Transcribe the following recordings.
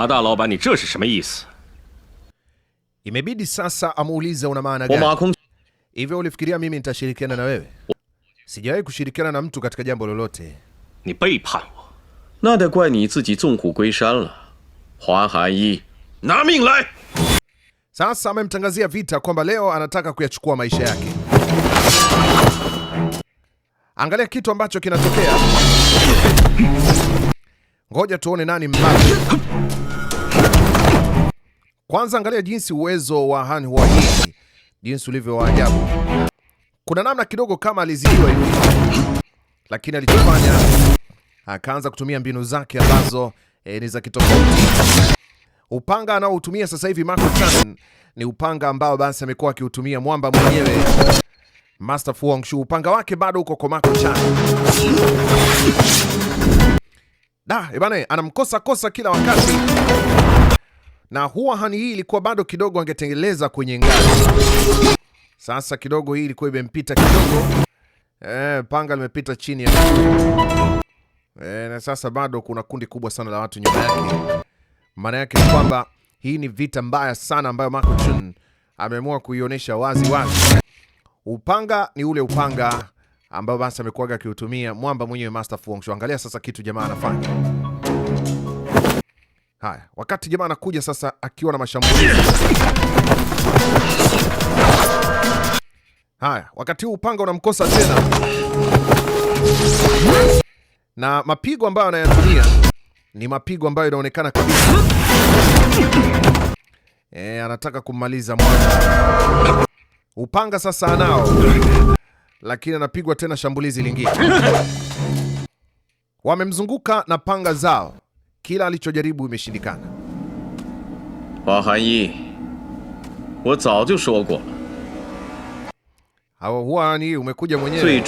啊，大老板，你这是什么意思？Imebidi sasa amuulize una maana gani? Hivyo ulifikiria mimi nitashirikiana na wewe? Sijawahi kushirikiana na mtu katika jambo lolote. Ni beipan wo. Na de guai ni ziji zong hu la. Huan Han Yi, na ming lai. Sasa amemtangazia vita kwamba leo anataka kuyachukua maisha yake. Angalia kitu ambacho kinatokea. Ngoja tuone nani mbaya. Kwanza angalia jinsi uwezo wa Han Yi jinsi ulivyo wa ajabu. Kuna namna kidogo kama alizidiwa yule, lakini alichofanya akaanza kutumia mbinu zake ambazo e, ni za kitofauti. Upanga anaoutumia sasa hivi Marco Chan ni upanga ambao basi amekuwa akiutumia mwamba mwenyewe Master Fu Hongxue. Upanga wake bado uko kwa Marco Chan. Da, ebane eh, anamkosa kosa kila wakati na huwa hani hii ilikuwa bado kidogo angetengeleza kwenye ngazi. Sasa kidogo hii ilikuwa imempita kidogo, e, panga limepita chini ya e, na sasa bado kuna kundi kubwa sana la watu nyuma yake. Maana yake ni kwamba hii ni vita mbaya sana ambayo Ma Kongqun ameamua kuionyesha wazi wazi. Upanga ni ule upanga ambao basi amekuwa akiutumia mwamba mwenyewe Master Fu Hongxue. Angalia sasa kitu jamaa anafanya. Haya, wakati jamaa anakuja sasa akiwa na mashambulizi haya, wakati huu upanga unamkosa tena, na mapigo ambayo anayatumia ni mapigo ambayo inaonekana kabisa e, anataka kummaliza mwana. Upanga sasa anao, lakini anapigwa tena shambulizi lingine. Wamemzunguka na panga zao kila alichojaribu imeshindikana. Wahanyi, Huani, umekuja mwenyewe.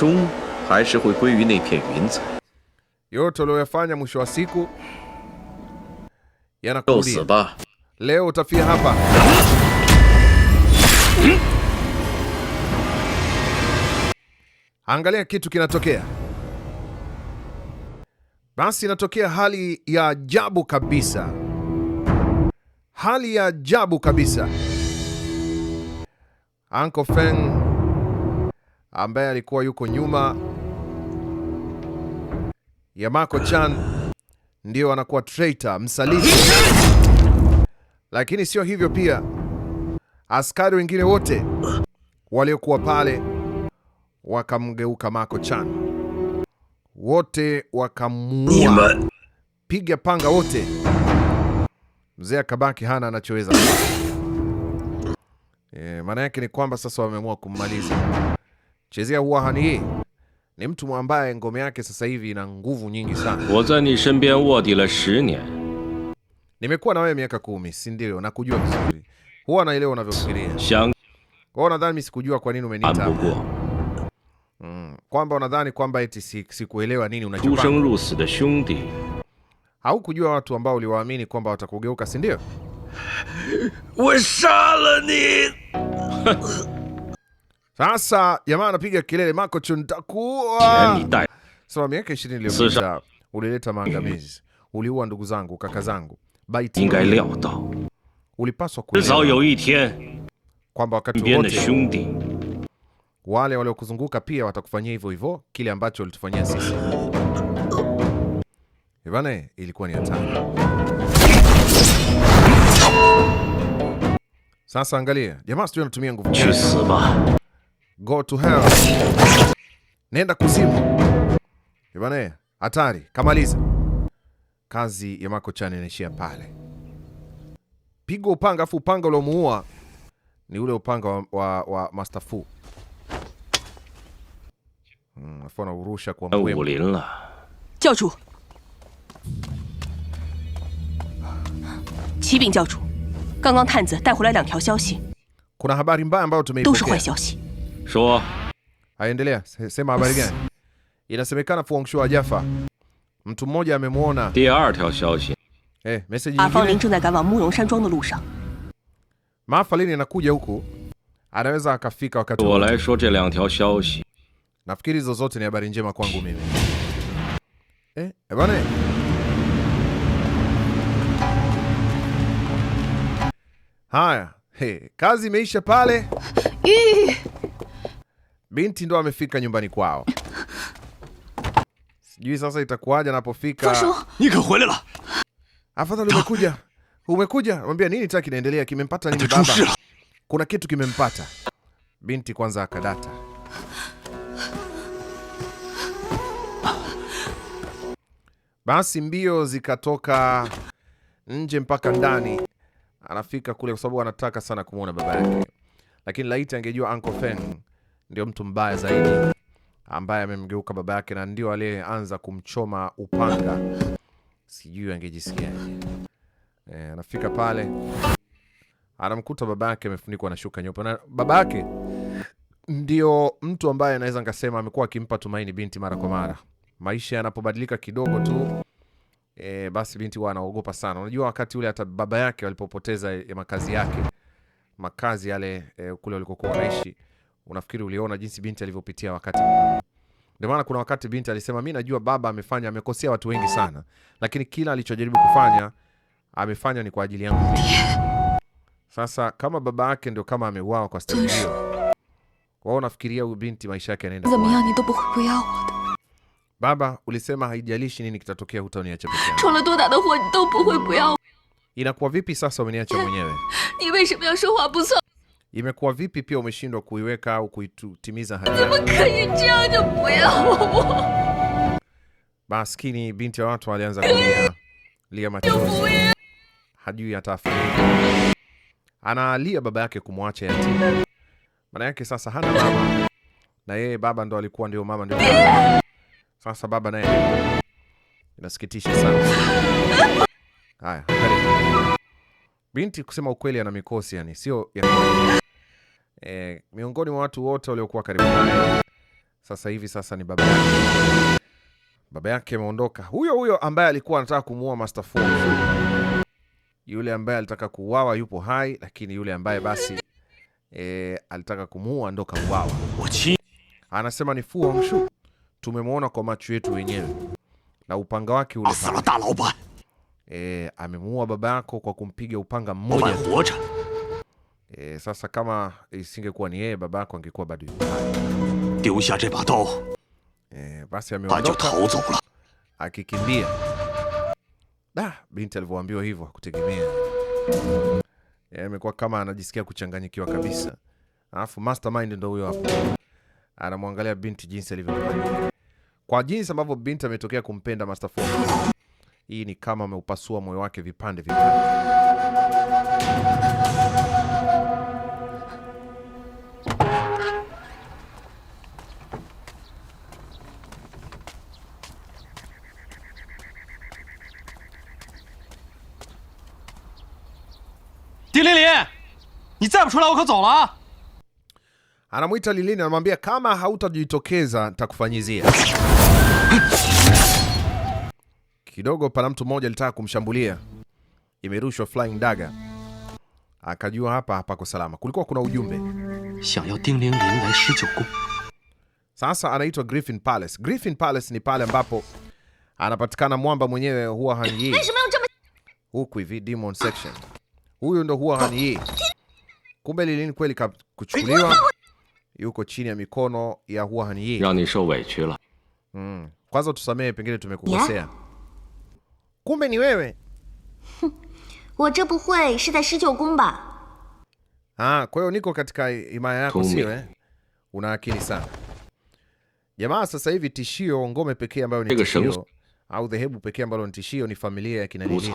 Yote ulioyafanya mwisho wa siku yanakurudia. Leo utafia hapa. Angalia kitu kinatokea. Basi inatokea hali ya ajabu kabisa, hali ya ajabu kabisa. Uncle Feng ambaye alikuwa yuko nyuma ya Mako Chan ndio anakuwa traitor, msaliti. Lakini sio hivyo pia, askari wengine wote waliokuwa pale wakamgeuka Mako Chan wote wakamuua, piga panga wote. Mzee akabaki hana anachoweza. E, maana yake ni kwamba sasa wameamua kummaliza. Chezea huwa hani hii ni mtu ambaye ngome yake sasa hivi ina nguvu nyingi sana. Nimekuwa na wewe miaka kumi, si ndio? Nakujua vizuri, huwa naelewa unavyofikiria. Kwa nadhani mimi sikujua kwa nini umeniita. Mm, kwamba unadhani kwamba eti sikuelewa nini au Haukujua watu ambao uliwaamini kwamba watakugeuka, si ndio? Sasa jamaa anapiga kelele mako chuntakuwa. Sawa, miaka 20 iliyopita ulileta maangamizi. Uliua ndugu zangu, kaka zangu. Baiti. Ulipaswa kuelewa kwamba wakati wote wale waliokuzunguka pia watakufanyia hivyo hivyo kile ambacho walitufanyia sisi. Ivane, ilikuwa ni hatari. Sasa angalia, jamaa sijui anatumia nguvu. Go to hell. Nenda kuzimu. Ivane, hatari, kamaliza. Kazi ya Mako Chan inaishia pale. Pigwa upanga afu upanga uliomuua ni ule upanga wa, wa, wa Master Fu. 嗯，安武林了。教主，启禀教主，刚刚探子带回来两条消息，都是坏消息。说。第二条消息，阿方林正在赶往慕容山庄的路上。对我来说，这两条消息。Nafikiri hizo zote ni habari njema kwangu mimi. Eh, ebane. Haya, he, kazi imeisha pale. Binti ndo amefika nyumbani kwao. Sijui sasa itakuwaje anapofika. Afadhali umekuja. Umekuja, mwambia nini tena kinaendelea, kimempata nini baba? Kuna kitu kimempata. Binti kwanza akadata. Basi mbio zikatoka nje mpaka ndani, anafika kule kwa sababu anataka sana kumwona baba yake, lakini laiti angejua Uncle Feng ndio mtu mbaya zaidi ambaye amemgeuka baba yake na ndio aliyeanza kumchoma upanga, sijui angejisikia. E, anafika pale anamkuta baba yake amefunikwa na shuka nyeupe, na baba yake ndio mtu ambaye anaweza ngasema amekuwa akimpa tumaini binti mara kwa mara maisha yanapobadilika kidogo tu e, basi binti huwa anaogopa sana. Unajua wakati ule hata baba yake walipopoteza ya makazi yake makazi yale e, kule walikokuwa wanaishi, unafikiri uliona jinsi binti alivyopitia wakati. Ndio maana kuna wakati binti alisema, mi najua baba amefanya amekosea watu wengi sana, lakini kila alichojaribu kufanya amefanya ni kwa ajili yangu. Sasa kama baba yake ndio kama ameuawa kwa staili hiyo, wao nafikiria huyu binti maisha yake yanaenda Baba, ulisema haijalishi nini kitatokea, hutaniacha peke yangu. Inakuwa vipi sasa umeniacha mwenyewe? Imekuwa vipi pia umeshindwa kuiweka au kuitimiza haja? Maskini binti ya watu alianza kulia, lia machozi. Hajui atafanya. Analia baba yake kumwacha yatima. Maana yake sasa hana mama. Na yeye baba ndo alikuwa ndio mama ndio. Sasa baba naye inasikitisha sana. Haya, binti kusema ukweli ana mikosi yani, sio ya... E, miongoni mwa watu wote waliokuwa karibu naye sasa hivi sasa ni baba yake. Baba yake ameondoka, huyo huyo ambaye alikuwa anataka kumuua Master Fu, yule ambaye alitaka kuuawa yupo hai, lakini yule ambaye basi e, alitaka kumuua ndo kauawa. Anasema ni Fu Hongxue tumemwona kwa macho yetu wenyewe na upanga wake ule pale. E, amemuua baba yako kwa kumpiga upanga mmoja. E, sasa kama isingekuwa ni yeye baba yako angekuwa bado yuko. E, basi ameondoka akikimbia. Da, binti alivyoambiwa hivyo hakutegemea. E, amekuwa kama anajisikia kuchanganyikiwa kabisa. Alafu mastermind ndio huyo hapo. Anamwangalia binti jinsi alivyofanya kwa jinsi ambavyo binti ametokea kumpenda Master Four. Hii ni kama ameupasua moyo wake vipande vipande. Eh? Ah? Anamwita Lilini, anamwambia kama hautajitokeza takufanyizia Kidogo pana mtu mmoja alitaka kumshambulia, imerushwa flying dagger, akajua hapa hapako salama. Kulikuwa kuna ujumbe sasa anaitwa Griffin Palace. Griffin Palace ni pale ambapo anapatikana mwamba mwenyewe huwa Yi. Huku hivi Demon Section. Huyu ndo huwa Yi. Kumbe Lilin kweli kuchukuliwa yuko chini ya mikono ya huwa Hanyi. Yaani mm. Kwanza tusamehe pengine tumekukosea kumbe ni wewe. 我这不会是在施救宫吧？Ah, kwa hiyo niko katika yako sio eh? Una akili sana. Jamaa sasa hivi tishio ngome pekee ambayo ni tishio au dhehebu pekee ambalo ni tishio ni familia ya kina Lilin.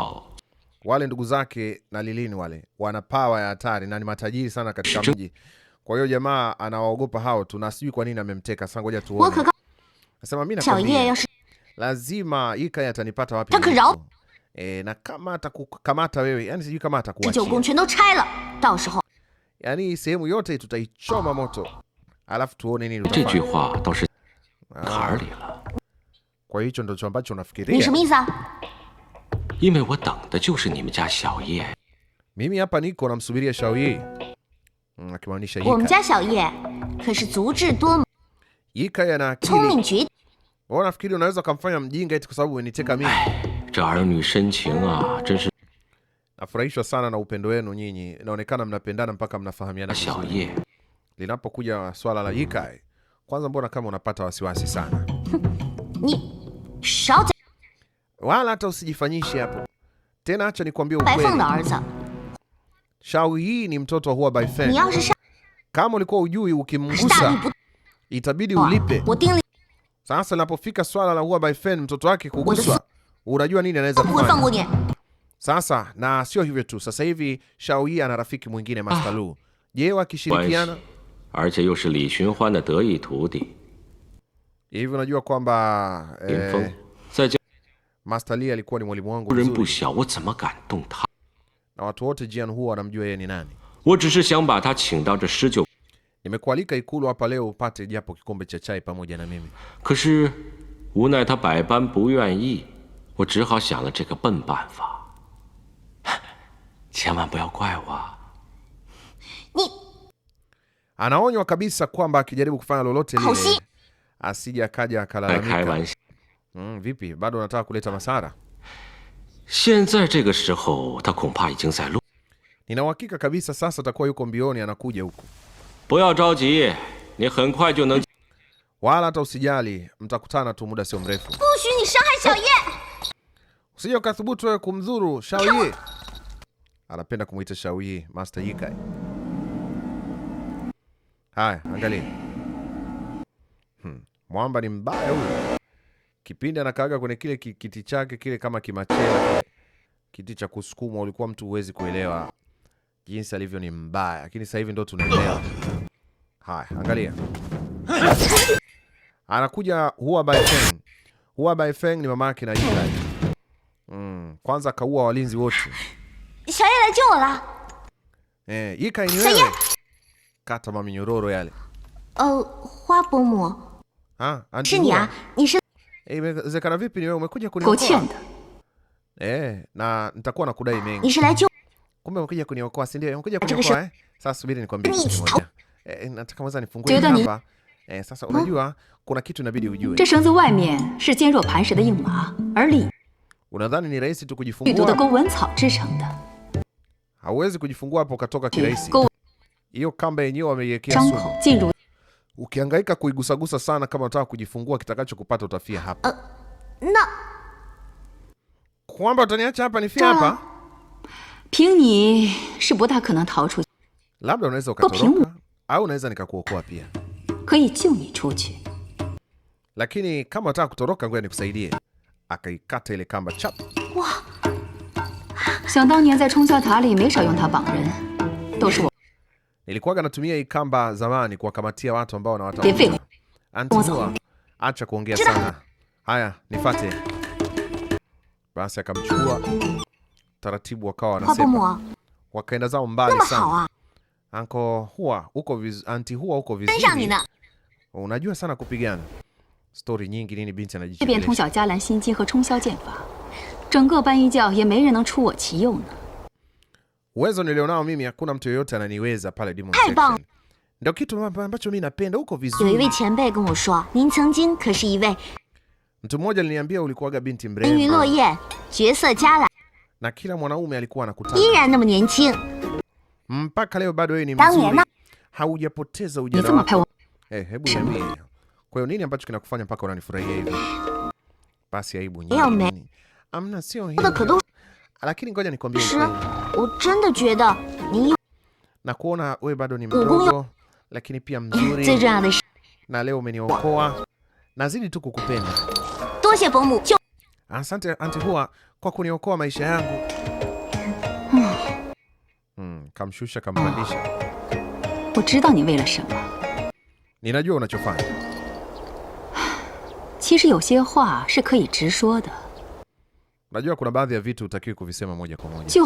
Wale ndugu zake na Lilin wale wana power ya hatari na ni matajiri sana katika mji. Kwa hiyo jamaa anawaogopa hao tu na sijui kwa nini amemteka. Sasa ngoja tuone. mimi lazima Yika yatanipata wapi? E, na kama atakukamata wewe, yani sijui kama atakuachia. Yani sehemu yote tutaichoma moto. Alafu tuone nini tutafanya. Ah. Kwa hicho ndicho ambacho unafikiria. Mimi hapa niko namsubiria Xiao Ye. Hmm, akimaanisha Yika. Yika yana akili. Wewe unafikiri unaweza kumfanya mjinga eti kwa sababu uniteka mimi? Nafurahishwa sana na upendo wenu nyinyi. Inaonekana mnapendana mpaka mnafahamiana. Linapokuja swala la Yikai, kwanza mbona kama unapata wasiwasi sana? Wala hata usijifanyishe hapo. Tena acha nikwambie ukweli. Shao hii ni mtoto wa Hua Baifeng. Kama ulikuwa ujui ukimgusa itabidi ulipe. Sasa linapofika swala la huwa by mtoto wake kuguswa, unajua nini anaweza kufanya. Sasa na sio hivyo tu, sasa hivi Shao Yi ana rafiki mwingine ah. Master Lu. Je, wakishirikiana Arche shi Li Xunhuan de hivi unajua kwamba eh, Master Li alikuwa ni mwalimu wangu mzuri. Na watu wote Jian Hu wanamjua yeye ni nani. Nimekualika Ikulu hapa leo upate japo kikombe cha chai pamoja na mimi. Kasi unai ta baiban ban bu yuan yi, wo zhi hao xiang le zhe ge ben ban fa. Qian wan bu yao guai wo. Ni. Anaonywa kabisa kwamba akijaribu kufanya lolote lile asije akaja akalalamika. Mm, vipi bado unataka kuleta masara? Nina uhakika kabisa sasa atakuwa yuko mbioni anakuja huku. 不要着急，你很快就能。Wala hata usijali, mtakutana tu muda sio mrefu. Usije ukathubutu wewe kumdhuru Shaoye. Anapenda kumuita Shaoye, Master Yi Kai. Haya, angalia. Hmm. Mwamba ni mbaya huyu. Kipindi anakaaga kwenye kile kiti chake kile kama kimachela. Kiti cha kusukumwa, ulikuwa mtu huwezi kuelewa jinsi alivyo ni mbaya, lakini sasa hivi ndo tunaelewa. Haya, angalia, anakuja Hua Baifeng. Hua Baifeng ni mama yake na Yulai. Mm, kwanza kaua walinzi wote. Eh, Yika ni wewe. Kata maminyororo yale. Oh, Hua Bomo. Ah, Imewezekana vipi ni wewe umekuja kuniua? Eh, na nitakuwa na kudai mengi. Kumbe umekuja kuniokoa, si ndio? Umekuja kuniokoa eh? Sasa subiri nikwambie kitu kimoja. Eh, nataka mwanza nifungue hapa. Eh, sasa unajua kuna kitu inabidi ujue. Unadhani ni rahisi tu kujifungua? Hauwezi kujifungua hapo ukatoka kirahisi. Hiyo kamba yenyewe wameiwekea sumu. Ukihangaika kuigusagusa sana kama unataka kujifungua, kitakachokupata utafia hapa. Uh, Kwamba utaniacha hapa nifia hapa? 凭你是不大可能逃出去。Labda unaweza ukatoroka au unaweza nikakuokoa pia. Lakini kama unataka kutoroka, ngoja nikusaidie. Akaikata ile kamba chap. Nilikuwaga natumia hii kamba zamani kuwakamatia watu ambao wanawata. Antua, acha kuongea sana. Haya, nifuate. Basi akamchukua taratibu wakawa wanasema, wakaenda zao mbali sana. Anko huwa uko viz, anti huwa uko vizuri, unajua sana kupigana. Stori nyingi nini, binti anajichekesha. Uwezo nilionao mimi hakuna mtu yoyote ananiweza pale Demon Section. Ndio kitu ambacho mimi napenda, huko vizuri. Mtu mmoja aliniambia ulikuwaga binti mrembo na kila mwanaume alikuwa anakutana. Mpaka leo bado wewe ni mzuri. Haujapoteza ujana wako. Eh, hebu niambie. Kwa hiyo nini ambacho kinakufanya mpaka unanifurahia hivi? Basi aibu nyingi. Amna, sio hivyo. Lakini ngoja nikwambie ukweli. Na kuona wewe bado ni mdogo lakini pia mzuri. Na leo umeniokoa. Nazidi tu kukupenda. Asante, Auntie Hua kwa kuniokoa maisha yangu. Hmm, kamshusha kampandisha. Ninajua unachofanya. Najua kuna baadhi ya vitu utakiwi kuvisema moja kwa moja.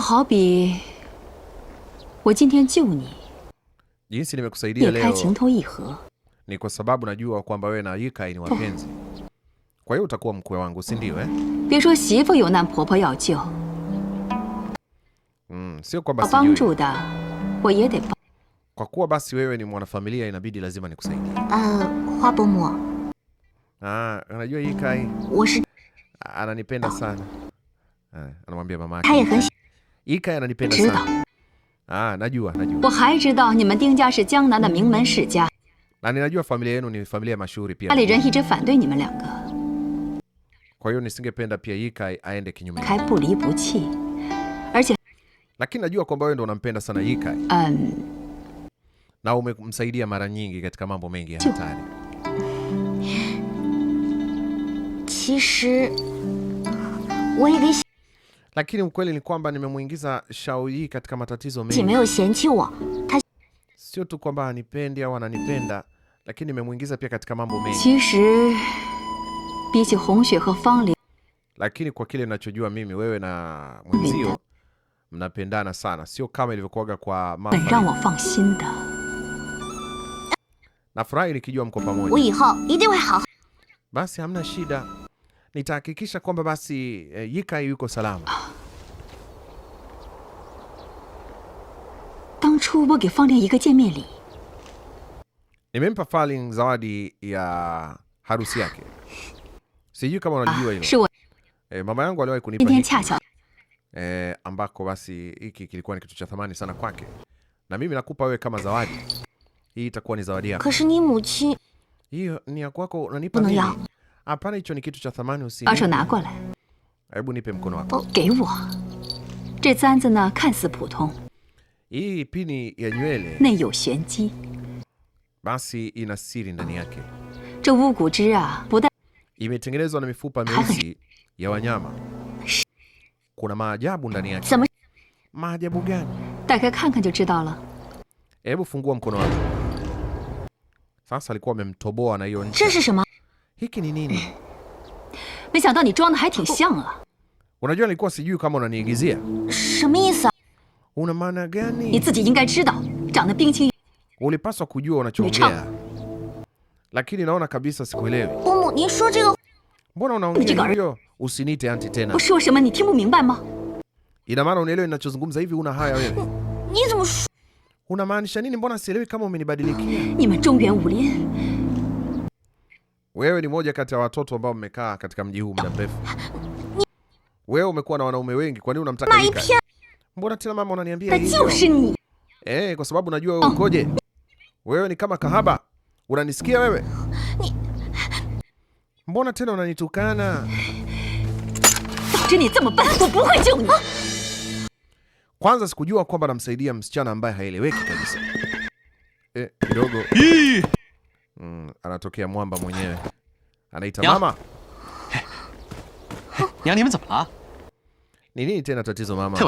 Jinsi nimekusaidia leo ni kwa sababu najua kwamba wewe na Ye Kai ni wapenzi. Oh. Kwa hiyo utakuwa mkwe wangu, si ndio eh? Mm, sio kwamba sijui. Kwa kuwa basi wewe ni mwanafamilia inabidi lazima nikusaidie. Uh, ah, anajua ah, hii Kai. Ananipenda sana. Ah, anamwambia mama yake. Hii Kai ananipenda sana. Ah, najua, najua. Na ninajua familia yenu ni familia mashuhuri pia. Kwa hiyo nisingependa pia Ye Kai aende kinyume. Lakini najua kwamba wewe ndo unampenda sana Ye Kai. Um, na umemsaidia mara nyingi katika mambo mengi ya hatari. Lakini ukweli ni kwamba nimemuingiza Shao Yi katika matatizo mengi. Sio tu kwamba anipendi au ananipenda, lakini nimemuingiza pia katika mambo mengi. 比起红雪和方玲，lakini kwa kile nachojua mimi wewe na mwenzio mnapendana sana, sio kama ilivyokuwaga kwa mama. furahi nikijua mko pamoja. Basi hamna shida, nitahakikisha kwamba basi e, Yika yuko salama. Nimempa Falling zawadi ya harusi yake. Sijui kama unajua ah, hilo. Eh, mama yangu aliwahi kunipa hiki. Cha Eh, ambako basi hiki kilikuwa ni kitu cha thamani sana kwake. Na mimi nakupa wewe kama zawadi. Hii itakuwa ni zawadi yako. Hiyo ni ya kwako, unanipa nini? Hapana, hicho ni kitu cha thamani usini. Asho na Hebu nipe mkono wako. Oh, zanzi na kansi putong. Hii pini ya nywele. Basi ina siri ndani yake. wugu Buda imetengenezwa na mifupa meusi ya wanyama. Kuna maajabu ndani yake. Maajabu gani? Hebu fungua mkono wako. Sasa alikuwa amemtoboa na hiyo ncha. Hiki ni nini? Unajua nilikuwa sijui kama unaniigizia. Una maana gani? Ulipaswa kujua unachoongea. Lakini naona kabisa sikuelewi. 总，您说这个 ……mbona unaongea hivyo Usiniite anti tena. Ina maana unaelewa ninachozungumza hivi? Una haya wewe? Unamaanisha nini? Mbona sielewi kama umenibadilikia. Wewe ni moja kati ya watoto ambao mmekaa katika mji huu muda mrefu. Wewe umekuwa na wanaume wengi, kwa nini unamtaka Mbona tena mama unaniambia Eh, kwa sababu najua wewe ukoje. Wewe ni kama kahaba. Unanisikia wewe? Mbona tena unanitukana? Kwanza sikujua kwamba namsaidia msichana ambaye haeleweki kabisa. Eh, kidogo. Mm, anatokea mwamba mwenyewe. Anaita mama. Ni nini tena tatizo mama?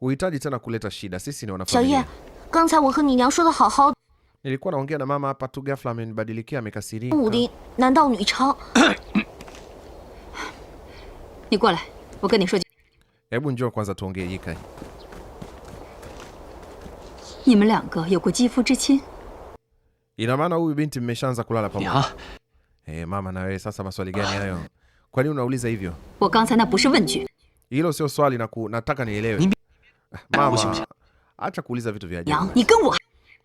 Huhitaji tena kuleta shida. Sisi ni wanafamilia. Nilikuwa naongea na mama hapa tu, ghafla amenibadilikia, amekasirika. nandao ni Ni kwa Hebu njoo kwanza tuongee, jifu Yika. Ina maana huyu binti mmeshaanza kulala pamoja? Eh, mama na wewe sasa maswali gani hayo? Kwa nini unauliza hivyo? Wo na bushi wenju. Hilo sio swali na ku, nataka nielewe. Ah, mama, acha kuuliza vitu vya ajabu. ni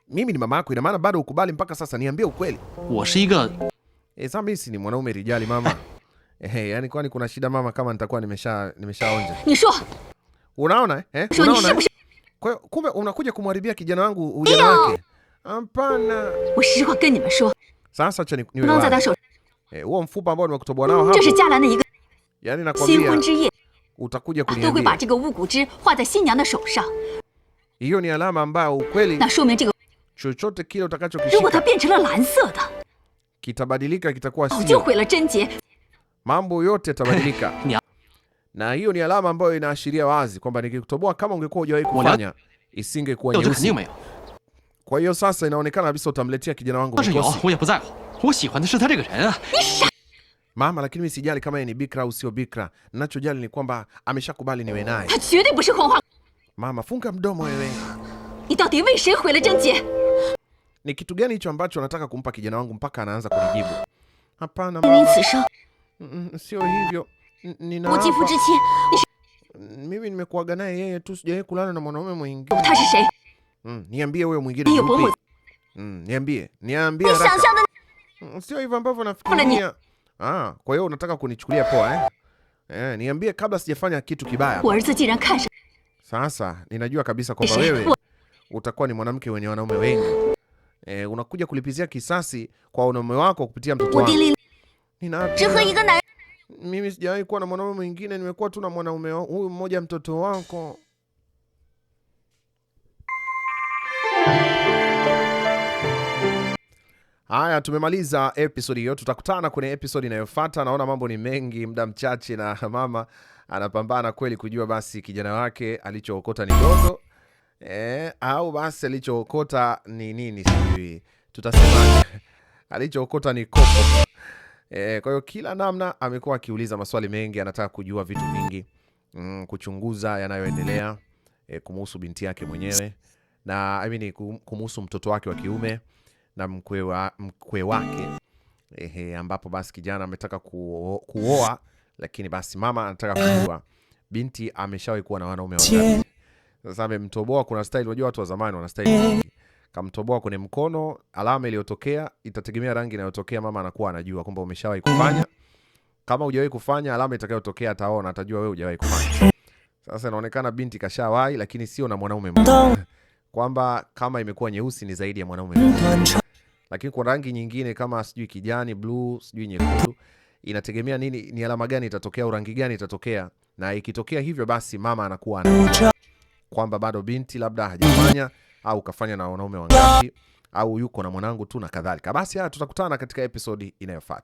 mimi ni mama yako, ina maana bado ukubali mpaka sasa? Niambie ukweli. E, eh, sasa mimi si ni mwanaume rijali mama. Ah. Eh, hey, yani kwani kuna shida mama kama nitakuwa nimesha nimeshaonja. Unaona eh? Unaona? Eh? Kwa hiyo kumbe unakuja kumharibia kijana wangu ujana wake. Hapana. Sasa acha niwe wazi. Eh, huo mfupa ambao nimekutoboa nao hapo. Yani nakwambia utakuja kuniambia. Hiyo ni alama ambayo ukweli Na chochote kile utakachokishika kitabadilika, kitakuwa mambo yote yatabadilika. Na hiyo ni alama ambayo inaashiria wazi kwamba nikikutoboa, kama ungekuwa hujawahi kufanya, isingekuwa nyeusi. Kwa hiyo sasa inaonekana kabisa utamletea kijana wangu mama, lakini mimi sijali kama ni bikra au sio bikra. Ninachojali ni kwamba ameshakubali niwe naye. Mama, funga mdomo wewe. Ni kitu gani hicho ambacho nataka kumpa kijana wangu mpaka anaanza kunijibu? Hapana mama. Sio hivyo. Mimi nimekuaga naye yeye tu, sijawahi kulala na mwanaume mwingine. Mm, niambie huyo mwingine mm, niambie. Niambie mm, Sio hivyo ambavyo nafikiria. Ah, kwa hiyo unataka kunichukulia poa eh? Eh, niambie kabla sijafanya kitu kibaya. Sasa ninajua kabisa kwamba wewe utakuwa ni mwanamke wenye wanaume wengi e, unakuja kulipizia kisasi kwa unaume wako kupitia mtoto wako. Mimi sijawahi kuwa na mwanaume mwingine, nimekuwa tu na mwanaume huyu mmoja, mtoto wako. Haya, tumemaliza episodi hiyo, tutakutana kwenye episodi inayofuata. Naona mambo ni mengi, muda mchache, na mama anapambana kweli kujua basi kijana wake alichookota ni dogo eh, au basi alichookota ni nini, sijui tutasema alichookota ni kopo eh. Kwa hiyo kila namna amekuwa akiuliza maswali mengi, anataka kujua vitu vingi mm, kuchunguza yanayoendelea eh, kumuhusu binti yake mwenyewe na I mean, kumuhusu mtoto wake wa kiume na mkwe, wa, mkwe wake eh, ambapo basi kijana ametaka kuoa, lakini basi mama anataka kujua binti ameshawahi kuwa na wanaume wangapi sasa amemtoboa, kuna style, unajua watu wa zamani wana style. Kamtoboa kwenye mkono, alama iliyotokea itategemea rangi inayotokea. Mama anakuwa anajua kwamba umeshawahi kufanya. Kama hujawahi kufanya, alama itakayotokea ataona, atajua wewe hujawahi kufanya. Sasa inaonekana binti kashawahi, lakini sio na mwanaume mmoja, kwamba kama imekuwa nyeusi ni zaidi ya mwanaume mmoja, lakini kwa rangi nyingine kama sijui kijani, blue, sijui nyekundu, inategemea nini, ni alama gani itatokea au rangi gani itatokea, na ikitokea hivyo basi mama anakuwa anajua kwamba bado binti labda hajafanya au kafanya na wanaume wangapi au yuko na mwanangu tu na kadhalika. Basi haya tutakutana katika episodi inayofuata.